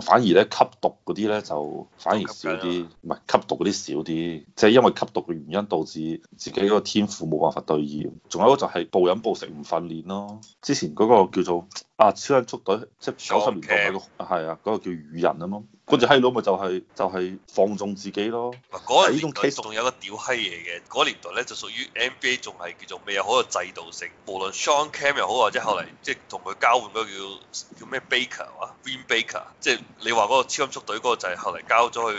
反而咧吸毒嗰啲咧就反而少啲，唔係、啊、吸毒嗰啲少啲，即係因為吸毒嘅原因導致自己嗰個天賦冇辦法對應。仲有一個就係暴飲暴食唔訓練咯。之前嗰個叫做啊超音速隊，即係九十年代嗰個係劇啊嗰個叫雨人啊嘛。嗰隻閪佬咪就係、是、就係、是、放縱自己咯。嗱，嗰陣依種，仲有個屌閪嘢嘅。嗰年代咧就屬於 NBA，仲係叫做未有好嘅制度性。無論 Shawn Kemp 又好，或者後嚟即係同佢交換個叫叫咩 Baker 啊嘛 Vin Baker，即係你話嗰個超音速隊嗰個就係後嚟交咗去。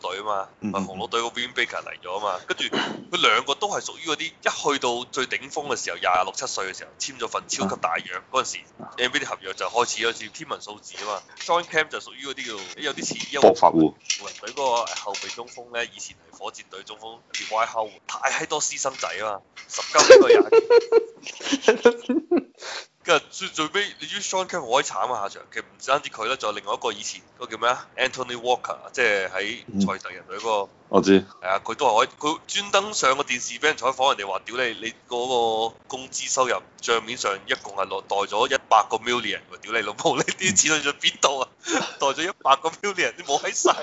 隊啊、嗯嗯、嘛，雄鹿隊個 Vin Baker 嚟咗啊嘛，跟住佢兩個都係屬於嗰啲一去到最頂峰嘅時候，廿六七歲嘅時候簽咗份超級大約，嗰陣時 NBA 合約就開始好似天文數字啊嘛。John Cam 就屬於嗰啲叫有啲似波法戶湖人隊嗰個後備中鋒咧，以前係火箭隊中鋒，外號太閪多私生仔啊嘛，十九個人。 跟住最尾，你知 Shawn Kemp 好慘啊，下場。其實唔止單止佢咧，仲有另外一個以前嗰個叫咩啊，Antoine Walker，即係喺賽特人隊嗰個。我知，係 啊樂，佢都係可以，佢專登上個電視俾人採訪，人哋話：屌你，你嗰個工資收入帳面上一共係落袋咗一百個 million 喎、 啊！ 屌你老母，你啲錢去咗邊度啊？袋咗一百個 million，你冇喺曬，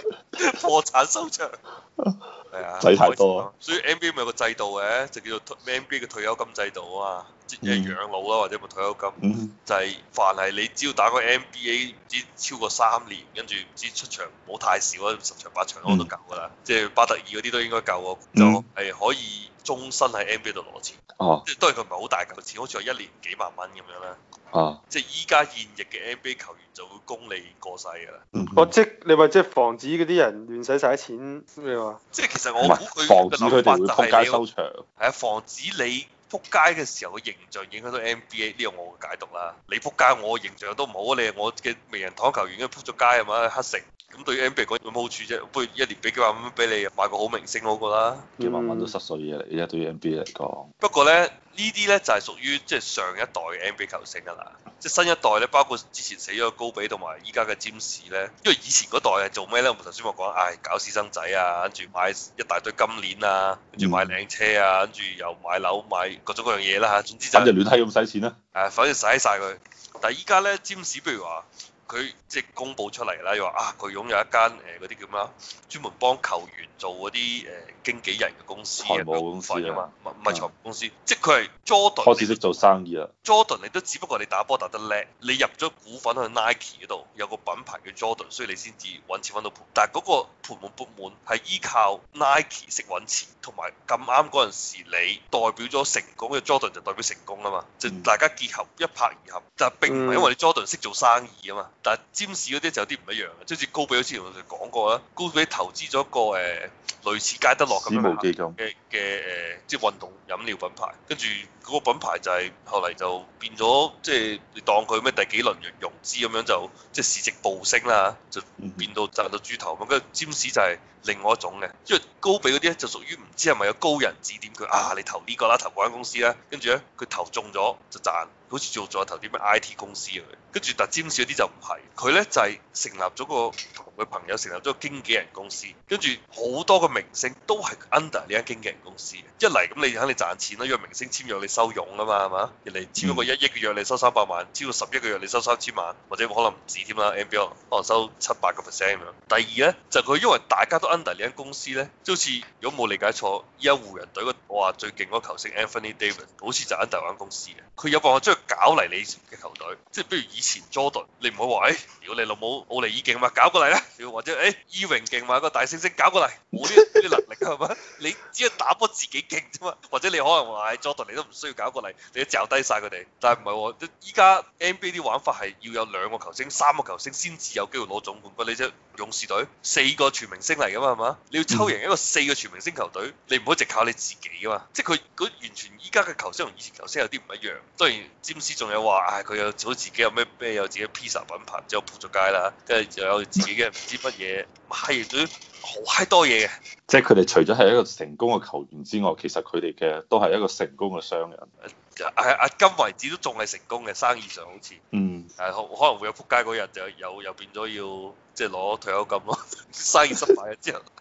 破產收場。係啊，就太多、啊。 所以 NBA 咪有個制度嘅，就叫做退 NBA 嘅退休金制度啊嘛，即係養老啊，或者咪退休金。就係凡係你只要打個 NBA 唔知超過三年，跟住唔知出場唔好太少啦、啊，十場八場我都夠㗎啦，即係巴特爾嗰啲都應該夠喎，嗯、就係可以終身喺 NBA 度攞錢，即係都係佢唔係好大嚿錢，好似話一年幾萬蚊咁樣啦。哦、啊，即係依家現役嘅 NBA 球員就會供你過世噶啦。哦、嗯，嗯、即你話即係防止嗰啲人亂使曬啲錢咩話？即係其實我估佢嘅諗法就係你，係啊防止你撲街嘅時候嘅形象影響到 NBA 呢個我嘅解讀啦。你撲街我嘅形象都唔好，你係我嘅名人堂球員，你撲咗街係咪黑城咁對於 NBA 嚟講有冇好處啫？不如一年俾幾萬蚊俾你，買個好明星好過啦。幾萬蚊都濕碎嘢嚟，而家對於 NBA 嚟講。不過咧，呢啲咧就係屬於即係上一代嘅 NBA 球星啦。即係新一代咧，包括之前死咗個高比同埋依家嘅詹士咧，因為以前嗰代係做咩咧？我頭先話講，唉、哎，搞私生仔啊，跟住買一大堆金鏈啊，跟住買靚車啊，跟住又買樓買各種各樣嘢啦嚇。總之就是、反正亂閪咁使錢啦。誒、啊，反正使晒佢。但係依家咧，詹士譬如話。佢即係公佈出嚟啦，又話啊，佢擁有一間誒嗰啲叫咩啊？專門幫球員做嗰啲誒經紀人嘅公司財務公司啊嘛，唔係財務公司，嗯、即係佢係 Jordan 開始識做生意啦、啊。Jordan 你都只不過你打波打得叻，你入咗股份去 Nike 嗰度，有個品牌叫 Jordan，所以你先至揾錢揾到盤。但係嗰個盤滿缽滿係依靠 Nike 識揾錢，同埋咁啱嗰陣時你代表咗成功，嘅 Jordan 就代表成功啦嘛。嗯、就大家結合一拍而合，但係並唔係因為你 Jordan 識做生意啊嘛。但係占士嗰啲就有啲唔一樣嘅，即係高比好似之前我哋講過啦，高比投資咗個誒、呃、類似佳得樂咁樣嘅嘅誒即係運動飲料品牌，跟住嗰個品牌就係後嚟就變咗，即係你當佢咩第幾輪融資咁樣就即係市值暴升啦，就變到賺到豬頭咁，跟住占士就係另外一種嘅，因為高比嗰啲咧就屬於唔知係咪有高人指點佢啊，你投呢個啦，投嗰間公司啦，跟住咧佢投中咗就賺。好似做咗頭啲咩 I.T. 公司啊，跟住特尖少啲就唔係，佢呢就係、是、成立咗個同佢朋友成立咗個經紀人公司，跟住好多個明星都係 under 呢間經紀人公司。一嚟咁你肯定賺錢啦，因為明星簽約你收傭啊嘛，係嘛？人哋超過一億嘅約你收三百萬，超過十億嘅約你收三千萬，或者可能唔止添啦。NBA 可能收七八個 percent 咁樣。第二呢，就佢、是、因為大家都 under 呢間公司呢，即好似如果冇理解錯，依家湖人隊個我話最勁嗰球星 Anthony Davis 好似就 under 呢間公司嘅。佢有個我搞嚟你嘅球隊，即係比如以前 Jordan 你唔好話，哎，如果你老母奧利爾勁嘛，搞過嚟啦，或者，哎，伊榮勁嘛，有個大猩猩搞過嚟。 係嘛？你只係打波自己勁啫嘛，或者你可能話係 Jordan 你都唔需要搞過嚟，你都嚼低晒佢哋。但係唔係喎，依家 NBA 啲玩法係要有兩個球星、三個球星先至有機會攞總冠軍。你知勇士隊四個全明星嚟㗎嘛？係嘛？你要抽贏一個四個全明星球隊，你唔可以直靠你自己㗎嘛。即係佢嗰完全依家嘅球星同以前球星有啲唔一樣。當然，詹士仲有話，唉，佢有做好自己，有咩咩有自己 pizza 品牌之後闖咗界啦，跟住就有自己嘅唔知乜嘢。係佢好嗨多嘢嘅，即係佢哋除咗係一個成功嘅球員之外，其實佢哋嘅都係一個成功嘅商人，啊。誒、啊、誒，今為止都仲係成功嘅。生意上好，好似嗯誒可能會有撲街嗰日，就又又變咗要即係攞退休金咯， 生意失敗咗之後。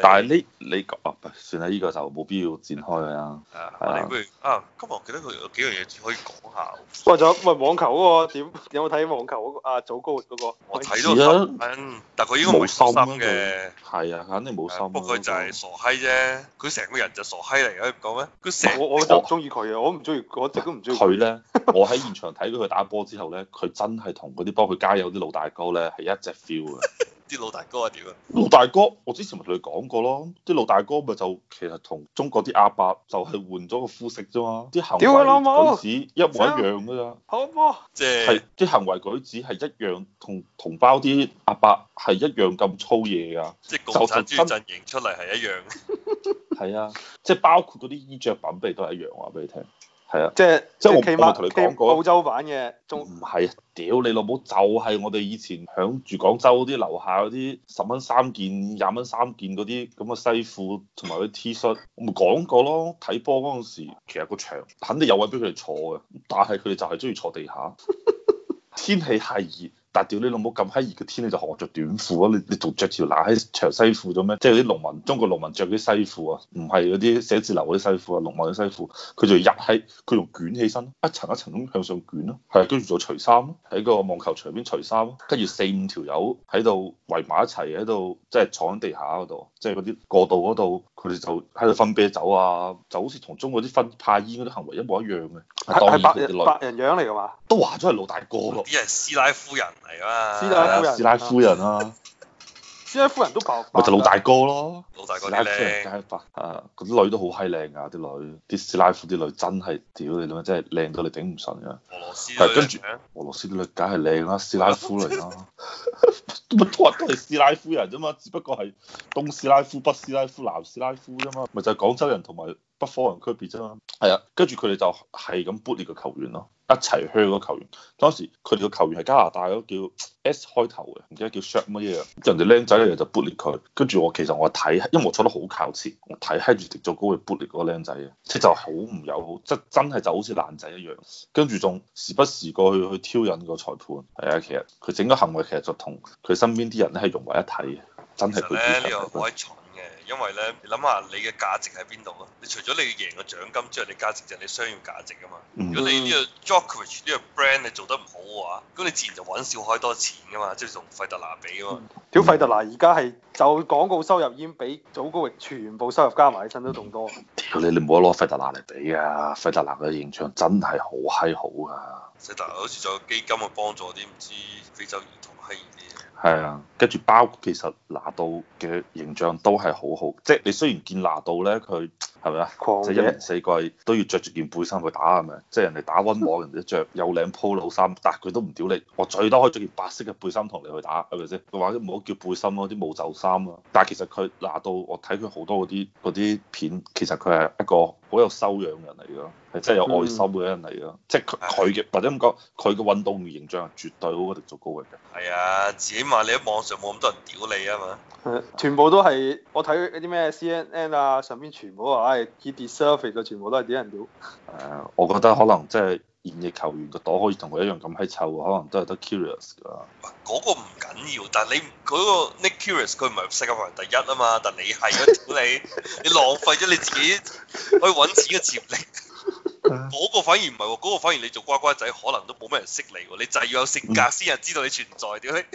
但係呢，你講啊，係算啦，依、呢個就冇必要展開啦、啊啊。啊，你譬如啊，今日我記得佢有幾樣嘢只可以講下。喂咗， 喂網球嗰、嗰個點？有冇睇網球嗰、嗰個啊？祖高嗰、嗰個。我睇到，嗯、但佢應該冇心嘅。係啊，啊肯定冇心、啊。不過佢就係傻閪啫，佢成個人就傻閪嚟嘅，你唔講咩？佢成我我唔中意佢啊，我唔中意，我一直都唔中意。佢咧，我喺呢 現場睇到佢打波之後咧，佢真係同嗰啲幫佢加油啲老大哥咧，係一隻 feel 嘅。 啲老大哥係點啊？老大哥，我之前咪同你講過咯，啲老大哥咪就其實同中國啲阿伯就係換咗個膚色啫嘛，啲行為舉止一模一樣噶咋。好唔好？即係啲行為舉止係一樣，同同胞啲阿伯係一樣咁粗野噶。即係共產主義陣營出嚟係一樣。係 啊，即係包括嗰啲衣著品味都係一樣，我話俾你聽。係啊，即係是即係我起碼同你講過，澳洲版嘅，仲唔係？屌你老母就係、是，我哋以前響住廣州啲樓下嗰啲十蚊三件、廿蚊三件嗰啲咁嘅西褲同埋啲 T 恤，我咪講過咯。睇波嗰陣時，其實個場肯定有位俾佢哋坐嘅，但係佢哋就係中意坐地下。 天氣係熱。掉你老母咁閪熱嘅天，你就學着短褲啊？你你仲着條嗱喺長西褲做、啊、咩？即係啲農民，中國農民着啲西褲啊，唔係嗰啲寫字樓嗰啲西褲啊，農民嘅西褲，佢就入喺佢就捲起身，一層一層咁向上捲咯、啊。係跟住就除衫咯、啊，喺個網球場邊除衫咯、啊。跟住四五條友喺度圍埋一齊喺度，即係、就是、坐喺地下嗰度，即係嗰啲過道嗰度，佢哋就喺度分啤酒啊，就好似同中國啲分派煙嗰啲行為一模一樣嘅。係、啊白，啊、白人白人樣嚟㗎嘛？都話咗係老大哥咯，啲人師奶夫人。係啊，師奶夫人啦，師夫人啊，斯拉夫人都爆，咪就老大哥咯，老大哥靚，夫人家白，啊，嗰啲女都好閪靚啊，啲女，啲斯拉夫啲女真係，屌你老味，真係靚到你頂唔順嘅，係跟住，俄羅斯啲女梗係靚啦，斯拉夫嚟啦，乜都係斯拉夫人啫嘛，只不過係東斯拉夫、北斯拉夫、南斯拉夫啫嘛，咪就係廣州人同埋北方人區別啫嘛，係啊，跟住佢哋就係咁搣個球員咯。一齊去 a 嗰個球員，當時佢哋個球員係加拿大嗰叫 S 開頭嘅，唔記得叫 Sh 乜嘢，跟人哋僆仔一咧就 b 裂佢，跟住我其實我睇，因為我坐得好靠前，我睇閪住迪做高去 b 裂嗰個僆仔嘅，即就好、是、唔友好，即真係就好似爛仔一樣，跟住仲時不時過去去挑引個裁判，係啊，其實佢整個行為其實就同佢身邊啲人咧係融為一體嘅，真係佢。因為咧，你諗下你嘅價值喺邊度咯？你除咗你贏個獎金之外，你價值就係你商業價值啊嘛。嗯、如果你呢個 Djokovic 呢個 brand 你做得唔好嘅話，咁你自然就揾少開多錢噶嘛。即係同費特拿比啊嘛。屌費特拿而家係就廣告收入已經比祖高域全部收入加埋起身都仲多。屌、嗯、你！你唔好攞費特拿嚟比啊！費特拿嘅形象真係好閪好啊！好似仲有基金去幫助啲唔知非洲兒童閪啲。係啊，跟住包括其實拿度嘅形象都係好好，即係你雖然見拿度咧，佢係咪啊？即係野一年四季都要着住件背心去打係咪？即係人哋打溫網，人哋着有領 Polo 衫，但係佢都唔屌你，我最多可以着件白色嘅背心同你去打，係咪先？或者唔好叫背心咯，啲冇袖衫啊。但係其實佢拿度，我睇佢好多啲嗰啲片，其實佢係一個。好有修養嘅人嚟噶，係真係有愛心嘅人嚟噶，即係佢佢嘅或者咁講，佢嘅、嗯啊、運動形象絕對好過地足高人。係啊，自己話你喺網上冇咁多人屌你啊嘛。啊全部都係我睇啲咩 CNN 啊，上邊全部話唉，佢 deserve 嘅，全部都係啲人屌。誒、啊，我覺得可能即係。現役球員個袋可以同佢一樣咁喺臭，可能都係得 Curious 噶。嗱，嗰個唔緊要，但你佢個呢 Nick Curious 佢唔係世界排名第一啊嘛，但你係啊，屌你！你浪費咗你自己可以搵錢嘅潛力，嗰 個反而唔係喎，嗰、嗰個反而你做乖乖仔可能都冇咩人識你，你就要有性格先係知道你存在，點解？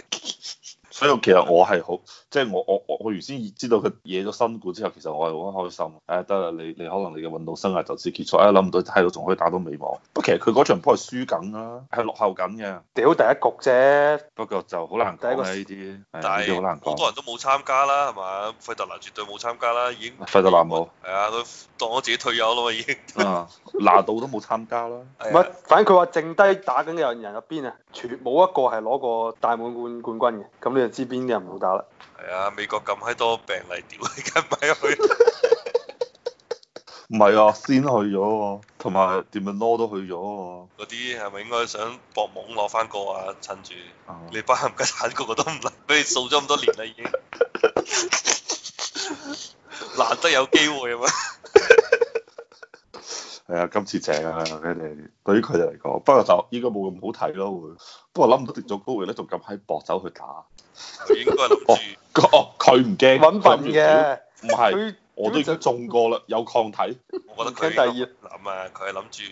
所以其實我係好，即、就、係、是、我我我我原先知道佢惹咗新冠之後，其實我係好開心。哎得啦，你你可能你嘅運動生涯就此結束。哎諗唔到睇到仲可以打到美網。不過其實佢嗰場波係輸緊啦，係落後緊嘅。屌第一局啫，不過就好難講呢啲。呢啲好難講。好多人都冇參加啦，係嘛？費德拿絕對冇參加啦，已經。費德拿冇。係啊、哎，佢當我自己退休咯，已經。 啊，拿度都冇參加啦。唔係， 反正佢話剩低打緊嘅人人入邊啊，全冇一個係攞過大滿貫冠軍嘅。咁知邊啲人唔好打啦？係啊，美國咁閪多病例屌，而家咪去，唔係啊，先去咗喎，同埋點樣攞都去咗喎。嗰啲係咪應該想搏懵攞返個啊？趁住 你班冚家剷個個都唔難，俾你掃咗咁多年啦已經， 難得有機會啊嘛～係啊、哎，今次正啊！佢哋對於佢哋嚟講，不過就應該冇咁好睇咯。會，不過諗唔到跌咗高呢，佢咧仲咁喺搏走去打，佢應該諗住 哦，佢唔驚，揾笨嘅，唔係，我都已經中過啦，有抗體，我覺得佢第二，嗱咁啊，佢係諗住。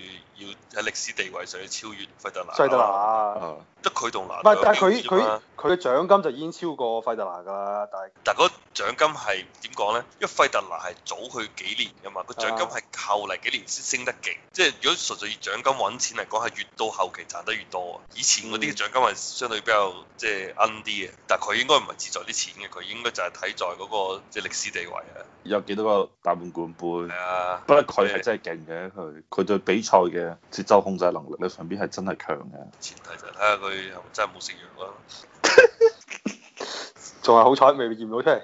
要喺歷史地位上要超越費特、嗯、拿，費特拿，得佢同拿，唔係但係佢佢佢嘅獎金就已經超過費特拿㗎啦，但係但係嗰獎金係點講咧？因為費特拿係早去幾年㗎嘛，個、啊、獎金係後嚟幾年先升得勁，即係如果純粹以獎金揾錢嚟講，係越到後期賺得越多。以前嗰啲獎金係相對比較即係奀啲嘅，但係佢應該唔係志在啲錢嘅，佢應該就係睇在嗰、那個即係歷史地位啊！有幾多個大滿貫杯？係啊，不過佢係真係勁嘅，佢佢對比賽嘅。節奏控制能力咧上邊係真係強嘅。前提就睇下佢真係冇食藥咯，仲係好彩未驗到出嚟。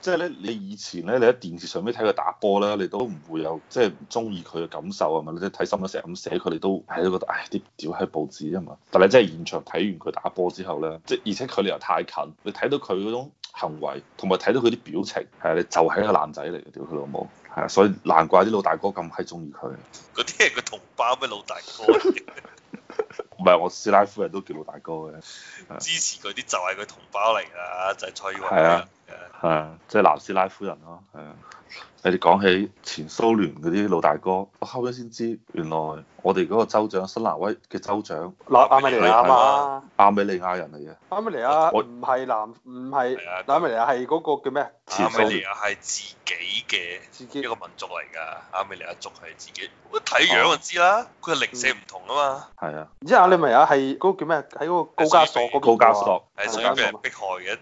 即係咧，你以前咧，你喺電視上邊睇佢打波咧，你都唔會有即係唔中意佢嘅感受係咪？即係睇新聞成日咁寫佢哋都，係都覺得唉，啲屌喺報紙啊嘛。但係真係現場睇完佢打波之後咧，即係而且距離又太近，你睇到佢嗰種行為同埋睇到佢啲表情，係你就係一個爛仔嚟嘅，屌佢老母！是係啊，所以難怪啲老大哥咁閪中意佢。嗰啲係佢同胞咩？老大哥，啊。唔 係， 我師奶夫人都叫老大哥嘅。支持佢啲就係佢同胞嚟㗎！就係、是、蔡英文。啊。係啊，即係南斯拉夫人咯，係啊。你哋講起前蘇聯嗰啲老大哥，我後尾先知，原來我哋嗰個州長，新南威嘅州長，南阿美尼亞啊嘛，阿美尼亞人嚟嘅，阿美尼亞唔係南唔係，的阿美尼亞係嗰個叫咩？前阿美尼亞係自己嘅，自己一個民族嚟噶，阿美尼亞族係自己，睇樣就知啦，佢嘅零舍唔同啊嘛。係啊的，然之後阿美尼亞係嗰個叫咩？喺嗰個高加索嗰邊啊係仲有咩迫害嘅？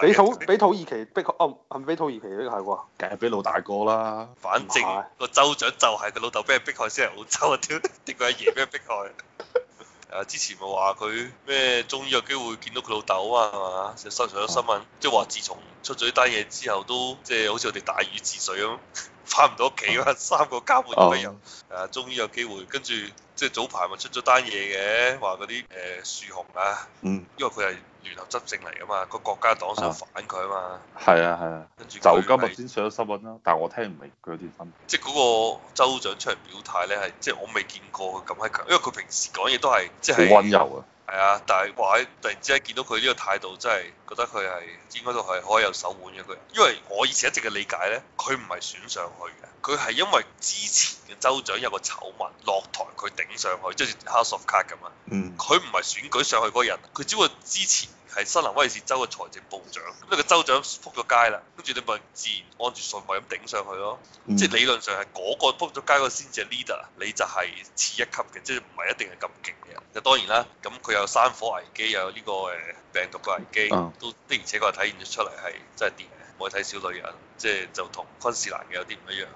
俾 人土俾土耳其迫啊！啊！俾土耳其迫害啩？梗係俾老大哥啦！反正個是州長就係佢老豆俾人迫害先嚟澳洲啊！屌，點解爺俾人迫害？誒、 啊，之前咪話佢咩終於有機會見到佢老豆啊嘛？啊！收咗新聞，即係話自從出咗呢單嘢之後，都即係好似我哋大禹治水咁，翻唔到屋企啊嘛！三過家門咁樣，有啊，終於有機會跟住。即係早排咪出咗單嘢嘅，話嗰啲誒樹熊啊，嗯、因為佢係聯合執政嚟噶嘛，個國家黨想反佢啊嘛，係啊係啊，跟住、啊啊、就今日先上咗新聞咯。但我聽唔明佢啲新聞。即係嗰個州長出嚟表態咧，係即係我未見過佢咁閪強，因為佢平時講嘢都係即係。好温柔啊！係啊，但係話起突然之間見到佢呢個態度，真係覺得佢係應該都係可有手腕嘅佢，因為我以前一直嘅理解呢，佢唔係選上去嘅，佢係因為之前嘅州長有個醜聞落台，佢頂上去，即係 House of Cards 咁啊，佢唔係選舉上去嗰個人，佢只不過之前。係新南威士州嘅財政部長，咁、那、你個州長撲咗街啦，跟住你咪自然按住順位咁頂上去咯。嗯、即係理論上係嗰個撲咗街個先至係 leader，你就係次一級嘅，即係唔係一定係咁勁嘅人。就當然啦，咁佢有山火危機，有呢個誒病毒嘅危機，嗯、都的而且確係體現咗出嚟係真係掂嘅。我睇小女人，即係就同昆士蘭嘅有啲唔一樣。